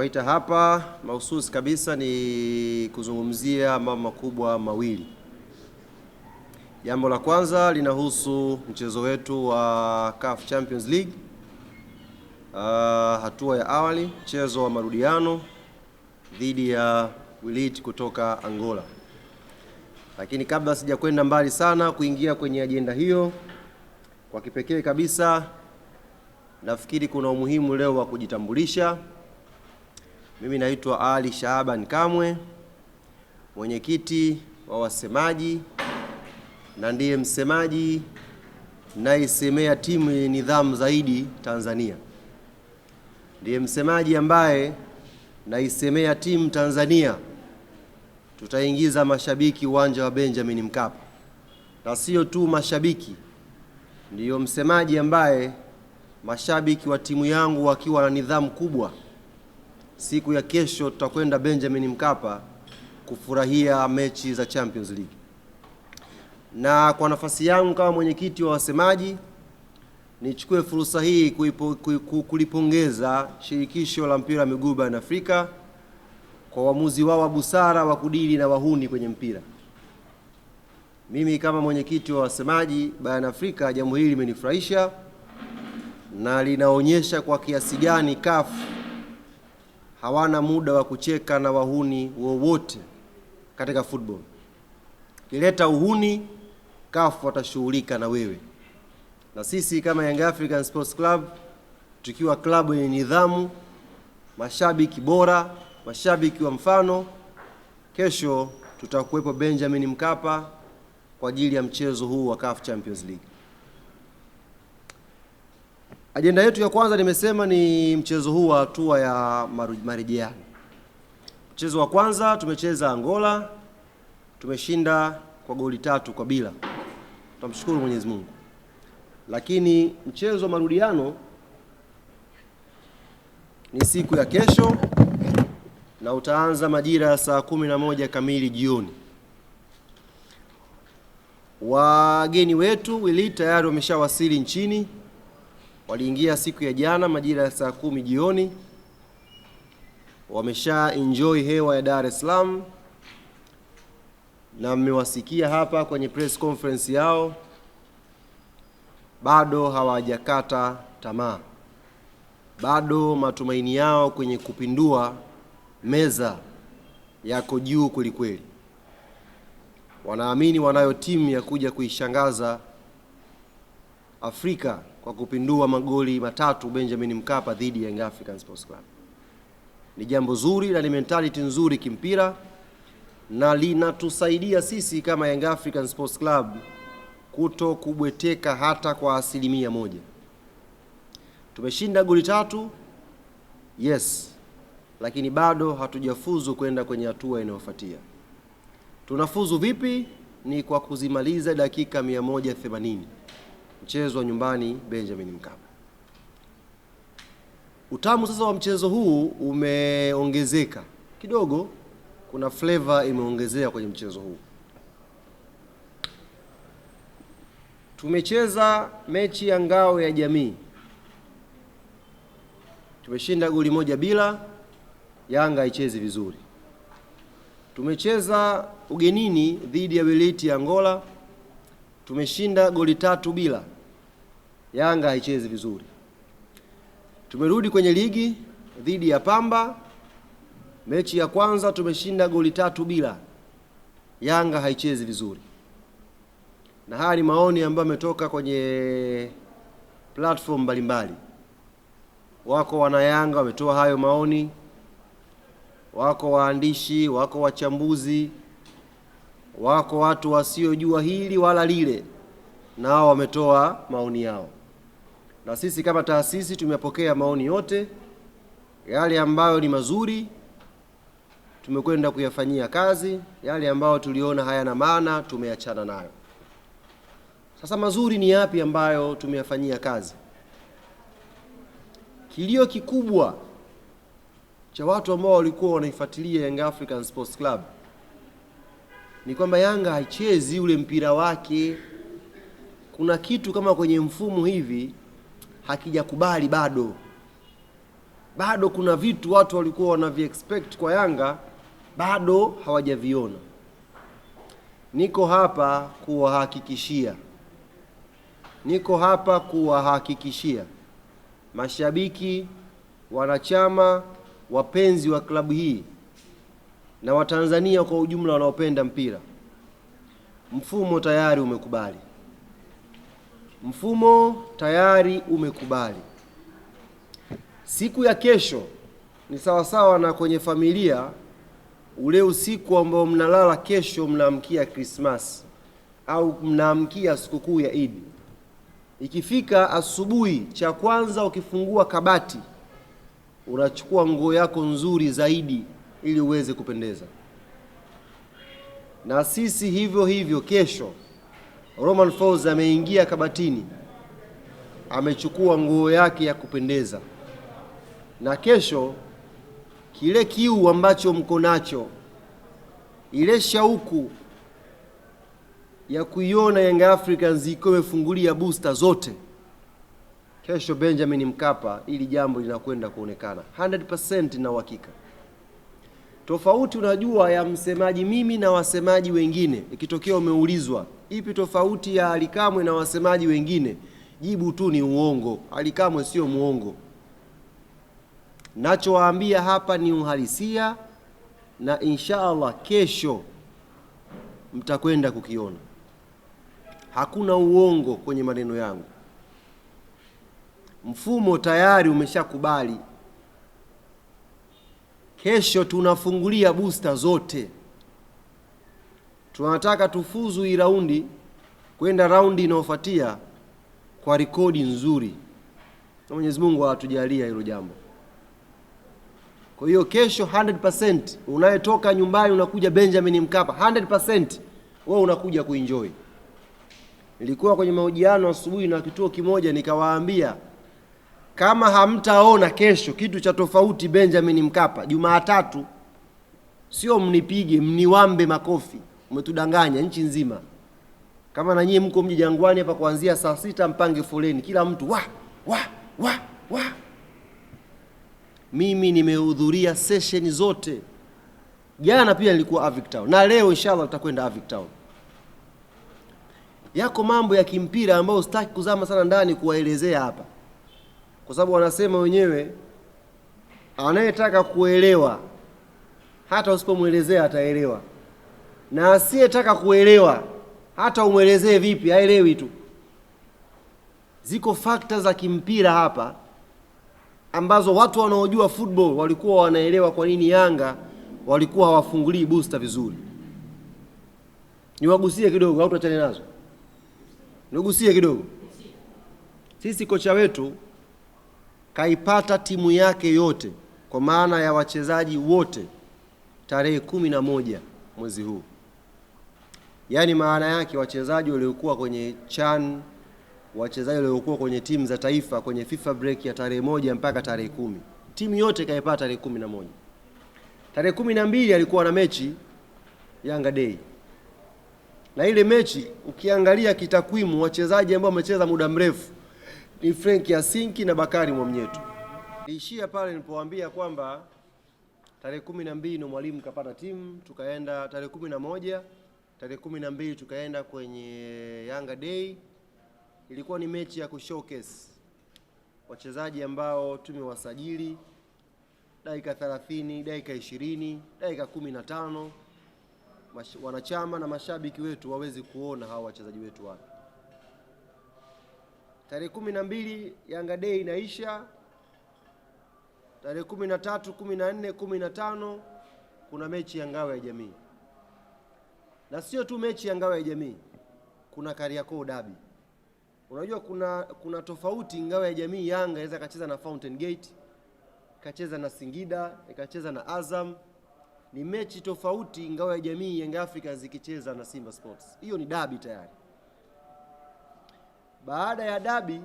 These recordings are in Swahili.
nimewaita hapa mahususi kabisa ni kuzungumzia mambo makubwa mawili. Jambo la kwanza linahusu mchezo wetu wa CAF Champions League, uh, hatua ya awali, mchezo wa marudiano dhidi ya Wilit kutoka Angola. Lakini kabla sijakwenda mbali sana kuingia kwenye ajenda hiyo, kwa kipekee kabisa nafikiri kuna umuhimu leo wa kujitambulisha mimi naitwa Ali Shahaban Kamwe, mwenyekiti wa wasemaji na ndiye msemaji naisemea timu yenye nidhamu zaidi Tanzania, ndiye msemaji ambaye naisemea timu Tanzania tutaingiza mashabiki uwanja wa Benjamin Mkapa, na sio tu mashabiki, ndiyo msemaji ambaye mashabiki wa timu yangu wakiwa na nidhamu kubwa siku ya kesho tutakwenda Benjamin Mkapa kufurahia mechi za Champions League, na kwa nafasi yangu kama mwenyekiti wa wasemaji nichukue fursa hii kuipo, kuipo, kulipongeza shirikisho la mpira wa miguu barani Afrika kwa uamuzi wao wa busara wa kudili na wahuni kwenye mpira. Mimi kama mwenyekiti wa wasemaji barani Afrika, jambo hili limenifurahisha na linaonyesha kwa kiasi gani kafu hawana muda wa kucheka na wahuni wowote katika football. Ukileta uhuni, CAF watashughulika na wewe. Na sisi kama Young African Sports Club tukiwa klabu yenye nidhamu, mashabiki bora, mashabiki wa mfano, kesho tutakuwepo Benjamin Mkapa kwa ajili ya mchezo huu wa CAF Champions League. Ajenda yetu ya kwanza nimesema ni mchezo huu wa hatua ya marejeano. Mchezo wa kwanza tumecheza Angola, tumeshinda kwa goli tatu kwa bila, tunamshukuru Mwenyezi Mungu. Lakini mchezo wa marudiano ni siku ya kesho na utaanza majira ya saa kumi na moja kamili jioni. Wageni wetu wili tayari wameshawasili nchini waliingia siku ya jana majira ya saa kumi jioni, wamesha enjoy hewa ya Dar es Salaam, na mmewasikia hapa kwenye press conference yao, bado hawajakata tamaa, bado matumaini yao kwenye kupindua meza yako juu kwelikweli. Wanaamini wanayo timu ya kuja kuishangaza Afrika kwa kupindua magoli matatu Benjamin Mkapa dhidi ya Young African Sports Club. Ni jambo zuri na ni mentality nzuri kimpira na linatusaidia sisi kama Young African Sports Club kuto kubweteka hata kwa asilimia moja. Tumeshinda goli tatu, yes, lakini bado hatujafuzu kwenda kwenye hatua inayofuatia. Tunafuzu vipi? Ni kwa kuzimaliza dakika 180 mchezo wa nyumbani Benjamin Mkapa. Utamu sasa wa mchezo huu umeongezeka kidogo, kuna flavor imeongezea kwenye mchezo huu. Tumecheza mechi ya ngao ya jamii, tumeshinda goli moja bila. Yanga haichezi vizuri. Tumecheza ugenini dhidi ya Weleti ya Angola tumeshinda goli tatu bila, Yanga haichezi vizuri. Tumerudi kwenye ligi dhidi ya Pamba, mechi ya kwanza tumeshinda goli tatu bila, Yanga haichezi vizuri. Na haya ni maoni ambayo ametoka kwenye platform mbalimbali. Wako wanayanga wametoa hayo maoni, wako waandishi, wako wachambuzi wako watu wasiojua hili wala lile, nao wametoa maoni yao, na sisi kama taasisi tumepokea maoni yote yale ambayo ni mazuri tumekwenda kuyafanyia kazi, yale ambayo tuliona hayana maana tumeachana nayo. Sasa mazuri ni yapi ambayo tumeyafanyia kazi? Kilio kikubwa cha watu ambao walikuwa wanaifuatilia Young African Sports Club ni kwamba Yanga haichezi ule mpira wake. Kuna kitu kama kwenye mfumo hivi hakijakubali bado, bado kuna vitu watu walikuwa wanavi expect kwa Yanga bado hawajaviona. Niko hapa kuwahakikishia, niko hapa kuwahakikishia mashabiki, wanachama, wapenzi wa klabu hii na Watanzania kwa ujumla wanaopenda mpira, mfumo tayari umekubali, mfumo tayari umekubali. Siku ya kesho ni sawasawa na kwenye familia, ule usiku ambao mnalala kesho, mnaamkia krismas au mnaamkia sikukuu ya Idi. Ikifika asubuhi, cha kwanza ukifungua kabati, unachukua nguo yako nzuri zaidi ili uweze kupendeza. Na sisi hivyo hivyo, kesho Roman Falls ameingia kabatini, amechukua nguo yake ya kupendeza, na kesho kile kiu ambacho mko nacho, ile shauku ya kuiona Young Africans ikiwa imefungulia booster zote, kesho Benjamin Mkapa, ili jambo linakwenda kuonekana 100% na uhakika. Tofauti unajua ya msemaji mimi na wasemaji wengine, ikitokea umeulizwa ipi tofauti ya Alikamwe na wasemaji wengine, jibu tu ni uongo. Alikamwe sio muongo, nachowaambia hapa ni uhalisia, na insha Allah kesho mtakwenda kukiona hakuna uongo kwenye maneno yangu. Mfumo tayari umeshakubali Kesho tunafungulia booster zote, tunataka tufuzu hii raundi kwenda raundi inayofuatia kwa rekodi nzuri, na Mwenyezi Mungu atujalia hilo jambo. Kwa hiyo kesho 100% unayetoka nyumbani unakuja Benjamin Mkapa 100% wewe unakuja kuenjoy. Nilikuwa kwenye mahojiano asubuhi na kituo kimoja nikawaambia kama hamtaona kesho kitu cha tofauti Benjamin Mkapa Jumatatu, sio mnipige, mniwambe makofi, umetudanganya nchi nzima. Kama na nyie mko mji Jangwani hapa, kuanzia saa sita mpange foleni, kila mtu wa wa wa wa. Mimi nimehudhuria session zote, jana pia nilikuwa Avic Town na leo inshallah tutakwenda Avic Town. Yako mambo ya kimpira ambayo sitaki kuzama sana ndani kuwaelezea hapa kwa sababu wanasema wenyewe anayetaka kuelewa hata usipomwelezea ataelewa, na asiyetaka kuelewa hata umwelezee vipi haelewi tu. Ziko fakta za kimpira hapa ambazo watu wanaojua football walikuwa wanaelewa kwa nini Yanga walikuwa hawafungulii booster vizuri. Niwagusie kidogo au tuachane nazo? Nigusie kidogo. Sisi kocha wetu kaipata timu yake yote kwa maana ya wachezaji wote tarehe kumi na moja mwezi huu. Yaani maana yake wachezaji waliokuwa kwenye CHAN, wachezaji waliokuwa kwenye timu za taifa kwenye FIFA break ya tarehe moja mpaka tarehe kumi, timu yote kaipata tarehe kumi na moja. Tarehe kumi na mbili alikuwa na mechi Yanga Day, na ile mechi ukiangalia kitakwimu, wachezaji ambao wamecheza muda mrefu ni Frank Yasinki na Bakari Mwamnyeto. Nilishia pale nilipowaambia kwamba tarehe kumi na mbili ndo mwalimu kapata timu, tukaenda tarehe kumi na moja tarehe kumi na mbili tukaenda kwenye Yanga Day. Ilikuwa ni mechi ya kushowcase wachezaji ambao tumewasajili dakika 30, dakika 20, dakika 15, wanachama na mashabiki wetu waweze kuona hawa wachezaji wetu wapi Tarehe kumi na mbili Yanga Day inaisha. Tarehe kumi na tatu kumi na nne kumi na tano kuna mechi ya ngao ya jamii, na sio tu mechi ya ngao ya jamii, kuna Kariakoo Dabi. Unajua kuna, kuna tofauti. Ngao ya jamii Yanga inaweza kacheza na Fountain Gate, ikacheza na Singida, ikacheza na Azam. Ni mechi tofauti ngao ya jamii Yanga Africa zikicheza na Simba Sports, hiyo ni dabi tayari. Baada ya dabi,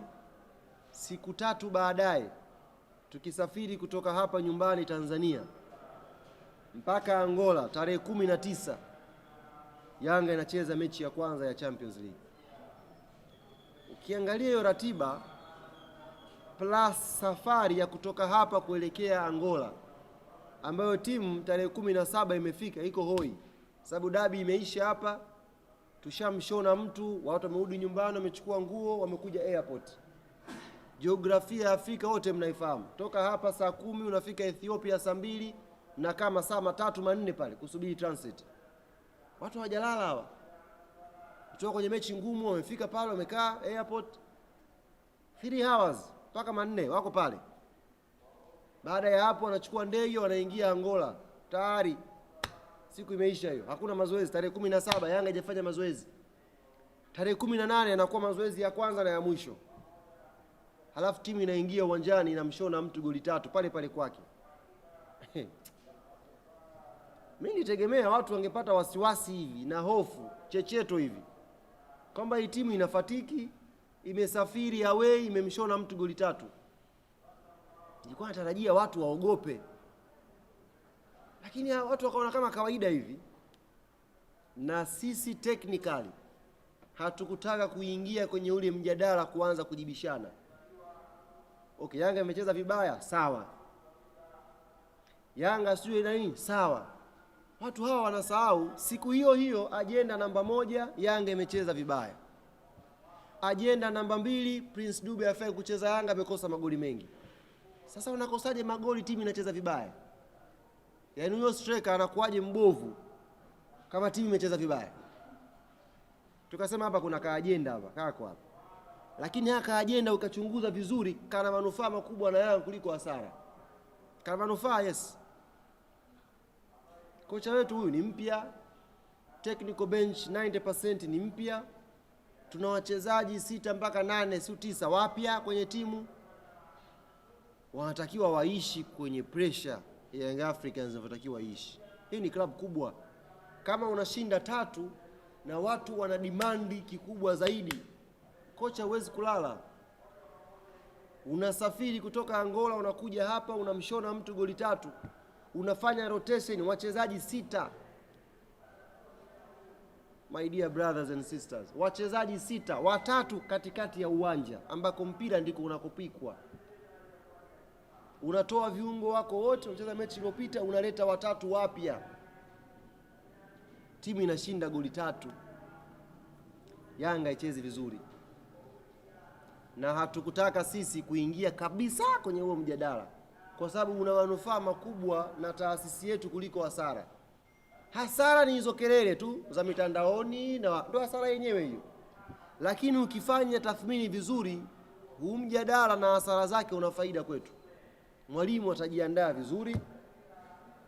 siku tatu baadaye, tukisafiri kutoka hapa nyumbani Tanzania mpaka Angola tarehe kumi na tisa Yanga inacheza mechi ya kwanza ya Champions League. Ukiangalia hiyo ratiba plus safari ya kutoka hapa kuelekea Angola ambayo timu tarehe kumi na saba imefika iko hoi, sababu dabi imeisha hapa tushamshona mtu, watu wamerudi nyumbani, wamechukua nguo, wamekuja airport. Jiografia ya Afrika wote mnaifahamu, toka hapa saa kumi unafika Ethiopia saa mbili na kama saa matatu manne pale kusubiri transit. Watu hawajalala hawa, kutoka kwenye mechi ngumu, wamefika pale, wamekaa airport 3 hours mpaka manne, wako pale. Baada ya hapo, wanachukua ndege wanaingia Angola tayari siku imeisha hiyo, hakuna mazoezi. Tarehe kumi na saba Yanga haijafanya mazoezi, tarehe kumi na nane yanakuwa mazoezi ya kwanza na ya mwisho, halafu timu inaingia uwanjani inamshona mtu goli tatu pale pale kwake. Mi nitegemea watu wangepata wasiwasi hivi na hofu checheto hivi kwamba hii timu inafatiki, imesafiri away, imemshona mtu goli tatu. Nilikuwa natarajia watu waogope lakini watu wakaona kama kawaida hivi, na sisi technically hatukutaka kuingia kwenye ule mjadala kuanza kujibishana. Okay, Yanga imecheza vibaya sawa, Yanga sijui nani sawa. Watu hawa wanasahau siku hiyo hiyo, ajenda namba moja, Yanga imecheza vibaya. Ajenda namba mbili, Prince Dube afai kucheza, Yanga amekosa magoli mengi. Sasa unakosaje magoli timu inacheza vibaya? yaani huyo striker anakuwaje mbovu kama timu imecheza vibaya? Tukasema hapa kuna kaajenda hapa, kako hapa. Lakini haya kaajenda ukachunguza vizuri, kana manufaa makubwa na Yanga kuliko hasara. Kana manufaa yes. Kocha wetu huyu ni mpya, technical bench 90% ni mpya, tuna wachezaji sita mpaka nane, si tisa wapya kwenye timu, wanatakiwa waishi kwenye pressure Young Africans inavyotakiwa ishi. Hii ni klabu kubwa, kama unashinda tatu na watu wana dimandi kikubwa zaidi, kocha huwezi kulala. Unasafiri kutoka Angola unakuja hapa unamshona mtu goli tatu, unafanya rotation wachezaji sita. My dear brothers and sisters, wachezaji sita, watatu katikati ya uwanja ambako mpira ndiko unakopikwa unatoa viungo wako wote, unacheza mechi iliyopita, unaleta watatu wapya, timu inashinda goli tatu. Yanga ichezi vizuri, na hatukutaka sisi kuingia kabisa kwenye huo mjadala, kwa sababu una manufaa makubwa na taasisi yetu kuliko hasara. Hasara ni hizo kelele tu za mitandaoni, na ndo hasara yenyewe hiyo. Lakini ukifanya tathmini vizuri, huu mjadala na hasara zake una faida kwetu mwalimu atajiandaa vizuri,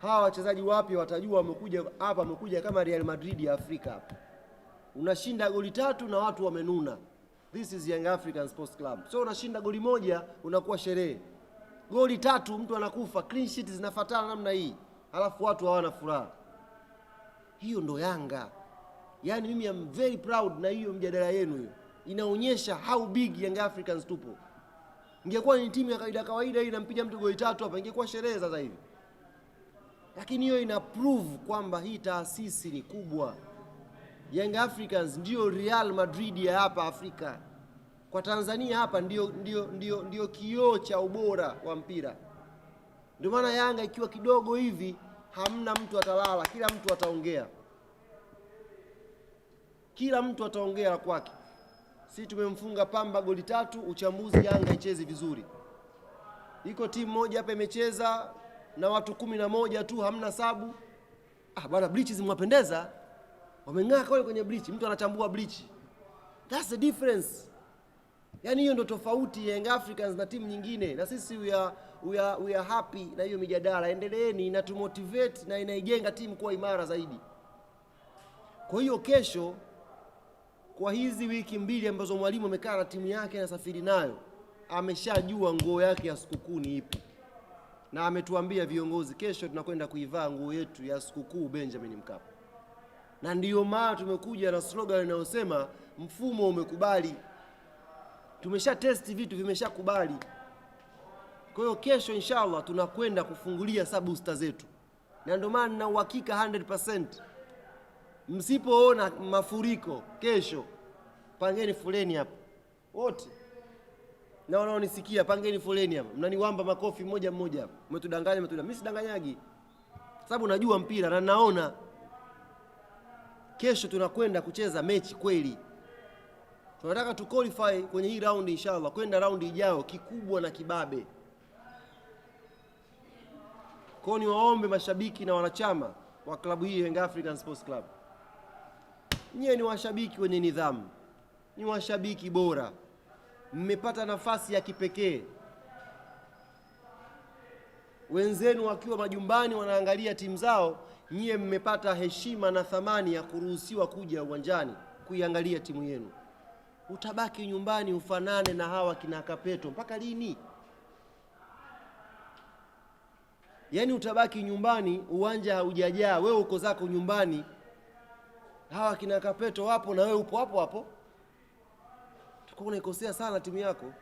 hawa wachezaji wapya watajua wamekuja hapa, wamekuja kama Real Madrid ya Afrika hapa. Unashinda goli tatu na watu wamenuna, this is Young African Sports Club. So unashinda goli moja unakuwa sherehe, goli tatu mtu anakufa, clean sheet zinafuatana namna hii, halafu watu hawana furaha. Hiyo ndo Yanga. Yaani mimi am very proud na hiyo mjadala yenu hiyo, inaonyesha how big Young Africans tupo. Ingekuwa ni timu ya kawaida kawaida inampiga mtu goli tatu hapa, ingekuwa sherehe sasa hivi, lakini hiyo ina prove kwamba hii taasisi ni kubwa. Young Africans ndiyo Real Madrid ya hapa Afrika. Kwa Tanzania hapa ndio ndio, ndio, ndio kioo cha ubora wa mpira. Ndio maana Yanga ikiwa kidogo hivi, hamna mtu atalala, kila mtu ataongea, kila mtu ataongea kwake. Sisi tumemfunga Pamba goli tatu. Uchambuzi, Yanga ichezi vizuri. Iko timu moja hapa imecheza na watu kumi na moja tu, hamna sabu. Ah bwana, bleach zimwapendeza, wameng'aa kule kwenye bleach, mtu anachambua bleach. That's the difference. Yaani hiyo ndo tofauti ya Young Africans na timu nyingine, na sisi we are, we are, we are happy na hiyo mijadala. Endeleeni, tumotivate na inaijenga timu kuwa imara zaidi. Kwa hiyo kesho kwa hizi wiki mbili ambazo mwalimu amekaa na timu yake anasafiri nayo, ameshajua nguo yake ya sikukuu ni ipi, na ametuambia viongozi, kesho tunakwenda kuivaa nguo yetu ya sikukuu Benjamin Mkapa. Na ndiyo maana tumekuja na slogan inayosema mfumo umekubali. Tumesha testi vitu vimeshakubali. Kwa hiyo kesho inshallah tunakwenda kufungulia sabusta zetu, na ndio maana nina uhakika 100% Msipoona mafuriko kesho, pangeni foleni hapa wote, na wanaonisikia, pangeni foleni hapa. Mnaniwamba makofi mmoja mmoja mmetudanganya, umetudanganya, Mimi sidanganyagi, sababu najua mpira na naona kesho tunakwenda kucheza mechi kweli. Tunataka tu qualify kwenye hii raundi inshallah, kwenda raundi ijayo kikubwa na kibabe. Kwa ni niwaombe mashabiki na wanachama wa klabu hii Young African Sports Club nyie ni washabiki wenye nidhamu, ni washabiki bora, mmepata nafasi ya kipekee. Wenzenu wakiwa majumbani wanaangalia timu zao, nyie mmepata heshima na thamani ya kuruhusiwa kuja uwanjani kuiangalia timu yenu. Utabaki nyumbani ufanane na hawa kina Kapeto mpaka lini? Yaani utabaki nyumbani, uwanja haujajaa, wewe uko zako nyumbani hawa kina Kapeto wapo na wewe upo hapo hapo, tukuwa unaikosea sana timu yako.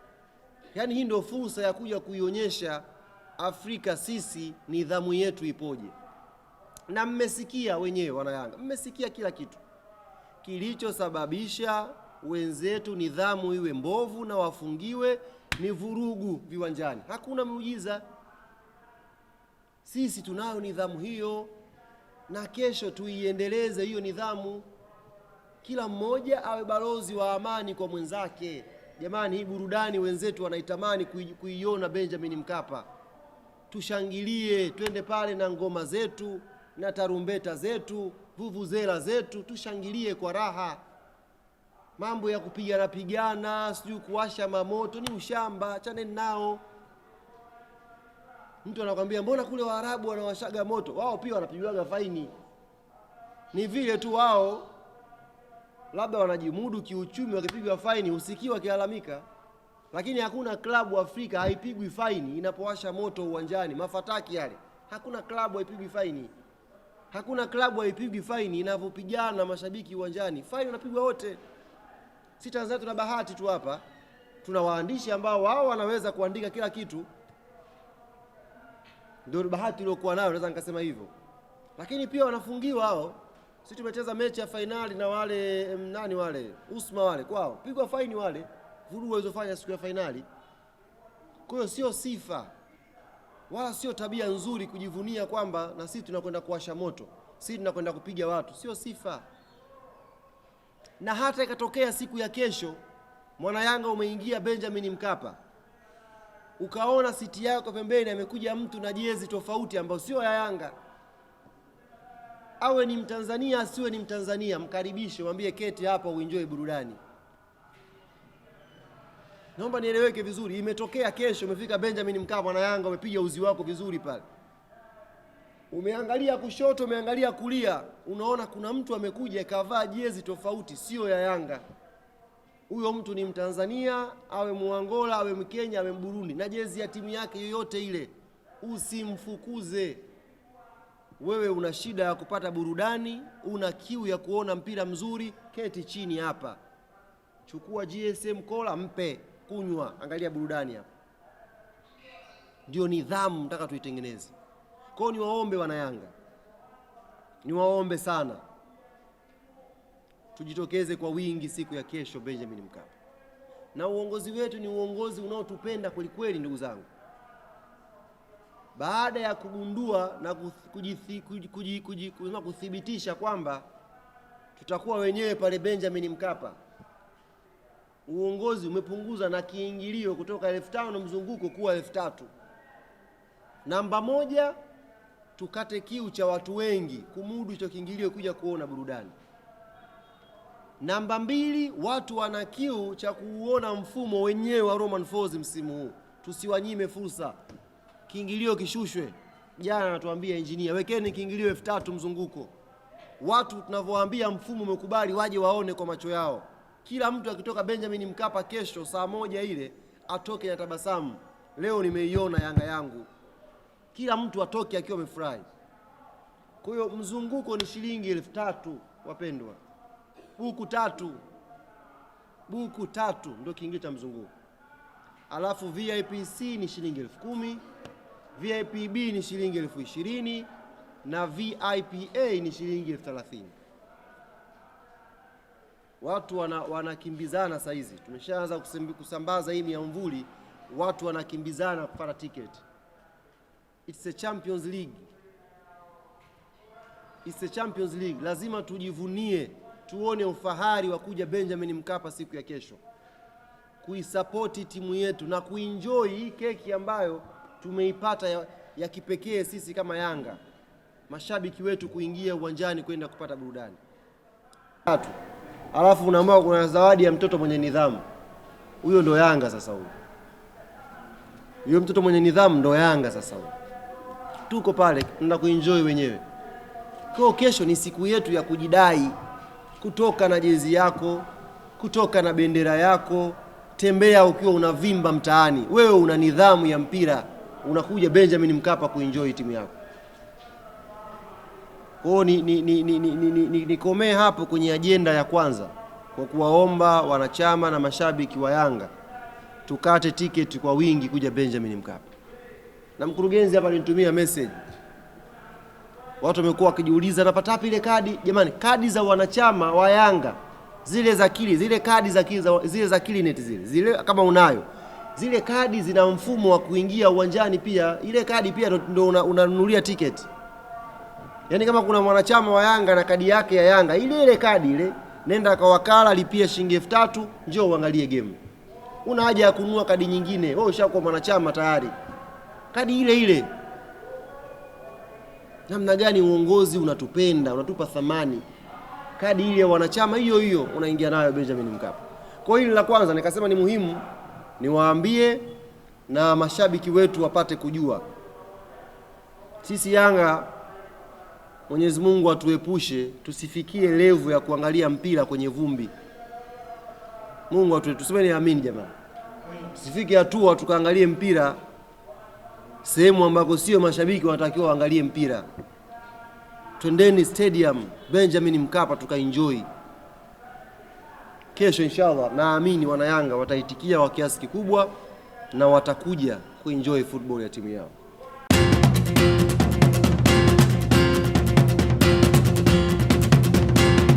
Yaani hii ndio fursa ya kuja kuionyesha Afrika sisi nidhamu yetu ipoje, na mmesikia wenyewe wana Yanga, mmesikia kila kitu kilichosababisha wenzetu nidhamu iwe mbovu na wafungiwe ni vurugu viwanjani. Hakuna muujiza, sisi tunayo nidhamu hiyo na kesho tuiendeleze hiyo nidhamu, kila mmoja awe balozi wa amani kwa mwenzake. Jamani, hii burudani wenzetu wanaitamani kuiona Benjamin Mkapa. Tushangilie, twende pale na ngoma zetu na tarumbeta zetu, vuvuzela zetu, tushangilie kwa raha. Mambo ya kupigana pigana, sijui kuwasha mamoto ni ushamba, chaneni nao. Mtu anakwambia mbona kule Waarabu wanawashaga moto, wao pia wanapigwaga faini. Ni vile tu wao labda wanajimudu kiuchumi, wakipigwa faini husikii wakilalamika, lakini hakuna klabu Afrika haipigwi faini inapowasha moto uwanjani. Mafataki yale, hakuna klabu haipigwi faini, hakuna klabu haipigwi faini inavyopigana mashabiki uwanjani. Faini wanapigwa wote. Si Tanzania tuna bahati tu hapa, tuna waandishi ambao wao wanaweza kuandika kila kitu ndio bahati uliokuwa nayo, naweza nikasema hivyo, lakini pia wanafungiwa hao. Sisi tumecheza mechi ya fainali na wale nani wale Usma wale kwao, pigwa faini wale vurugu walizofanya siku ya fainali. Kwa hiyo sio sifa wala sio tabia nzuri kujivunia kwamba na sisi tunakwenda kuwasha moto, sisi tunakwenda kupiga watu, sio sifa. Na hata ikatokea siku ya kesho mwana Yanga umeingia Benjamin Mkapa ukaona siti yako pembeni amekuja mtu na jezi tofauti ambayo sio ya Yanga, awe ni Mtanzania asiwe ni Mtanzania, mkaribishe, mwambie keti hapa uenjoy burudani. Naomba nieleweke vizuri. Imetokea kesho umefika Benjamin Mkapa na Yanga umepiga uzi wako vizuri pale, umeangalia kushoto, umeangalia kulia, unaona kuna mtu amekuja ikavaa jezi tofauti, sio ya Yanga huyo mtu ni Mtanzania awe Muangola awe Mkenya awe Mburundi, na jezi ya timu yake yoyote ile, usimfukuze. Wewe una shida ya kupata burudani, una kiu ya kuona mpira mzuri, keti chini hapa, chukua GSM kola mpe kunywa, angalia burudani hapa. Ndio nidhamu nataka tuitengeneze. kwao. ni niwaombe wana Yanga, niwaombe sana tujitokeze kwa wingi siku ya kesho Benjamin Mkapa, na uongozi wetu ni uongozi unaotupenda kwelikweli. Ndugu zangu, baada ya kugundua na kujithibitisha kuji, kuji, kuji, kuthibitisha kwamba tutakuwa wenyewe pale Benjamin Mkapa, uongozi umepunguza na kiingilio kutoka elfu tano mzunguko kuwa elfu tatu. Namba moja, tukate kiu cha watu wengi kumudu hicho kiingilio kuja kuona burudani. Namba mbili, watu wana kiu cha kuona mfumo wenyewe wa Roman Falls msimu huu, tusiwanyime fursa. Kiingilio kishushwe. Jana anatuambia injinia, wekeni kiingilio elfu tatu mzunguko. Watu tunavyowaambia mfumo umekubali, waje waone kwa macho yao. Kila mtu akitoka Benjamin Mkapa kesho saa moja ile atoke na tabasamu, leo nimeiona Yanga yangu. Kila mtu atoke akiwa amefurahi. Kwa hiyo mzunguko ni shilingi elfu tatu wapendwa buku tatu, buku tatu ndio kiingilio cha mzunguko. Alafu VIP C ni shilingi elfu kumi, VIP B ni shilingi elfu ishirini na VIP A ni shilingi elfu thelathini. Watu wanakimbizana wana saizi, tumeshaanza kusambaza hii miamvuli, watu wanakimbizana kupata tiketi. It's a Champions League, it's a Champions League, lazima tujivunie tuone ufahari wa kuja Benjamin Mkapa siku ya kesho kuisapoti timu yetu na kuenjoy hii keki ambayo tumeipata ya, ya kipekee sisi kama Yanga, mashabiki wetu kuingia uwanjani kwenda kupata burudani. Tatu, alafu unaambiwa kuna zawadi ya mtoto mwenye nidhamu. Huyo ndo Yanga sasa, huyo huyo mtoto mwenye nidhamu ndo Yanga sasa. Huyo tuko pale, tunaenda kuenjoy wenyewe. Kwa kesho ni siku yetu ya kujidai kutoka na jezi yako, kutoka na bendera yako, tembea ukiwa unavimba mtaani. Wewe una nidhamu ya mpira, unakuja Benjamin Mkapa kuenjoy timu yako. Kwa nikomee ni, ni, ni, ni, ni, ni hapo kwenye ajenda ya kwanza, kwa kuwaomba wanachama na mashabiki wa Yanga tukate tiketi kwa wingi kuja Benjamin Mkapa. Na mkurugenzi hapa alinitumia message watu wamekuwa wakijiuliza wapi ile kadi jamani. Kadi za wanachama wa Yanga zile za kili zile kadi za kili zile za neti zile zile, kama unayo zile kadi zina mfumo wa kuingia uwanjani pia. Ile kadi pia ndio unanunulia una tiketi. Yaani kama kuna mwanachama wa Yanga na kadi yake ya Yanga ile ile kadi ile, nenda kwa wakala, lipia shilingi elfu tatu njoo uangalie game. Una haja ya kununua kadi nyingine, wewe ushakuwa mwanachama tayari, kadi ile ile namna gani uongozi unatupenda, unatupa thamani. Kadi ile ya wanachama hiyo hiyo unaingia nayo Benjamin Mkapa. Kwa hiyo la kwanza nikasema ni muhimu niwaambie na mashabiki wetu wapate kujua sisi Yanga, Mwenyezi Mungu atuepushe tusifikie levu ya kuangalia mpira kwenye vumbi. Mungu tuseme tusemeni amini jamaa, tusifike hatua tukaangalie mpira sehemu ambako sio mashabiki wanatakiwa waangalie mpira. Twendeni stadium Benjamin Mkapa tukaenjoy. Kesho inshallah, naamini wanayanga wataitikia kwa kiasi kikubwa na watakuja kuenjoy football ya timu yao.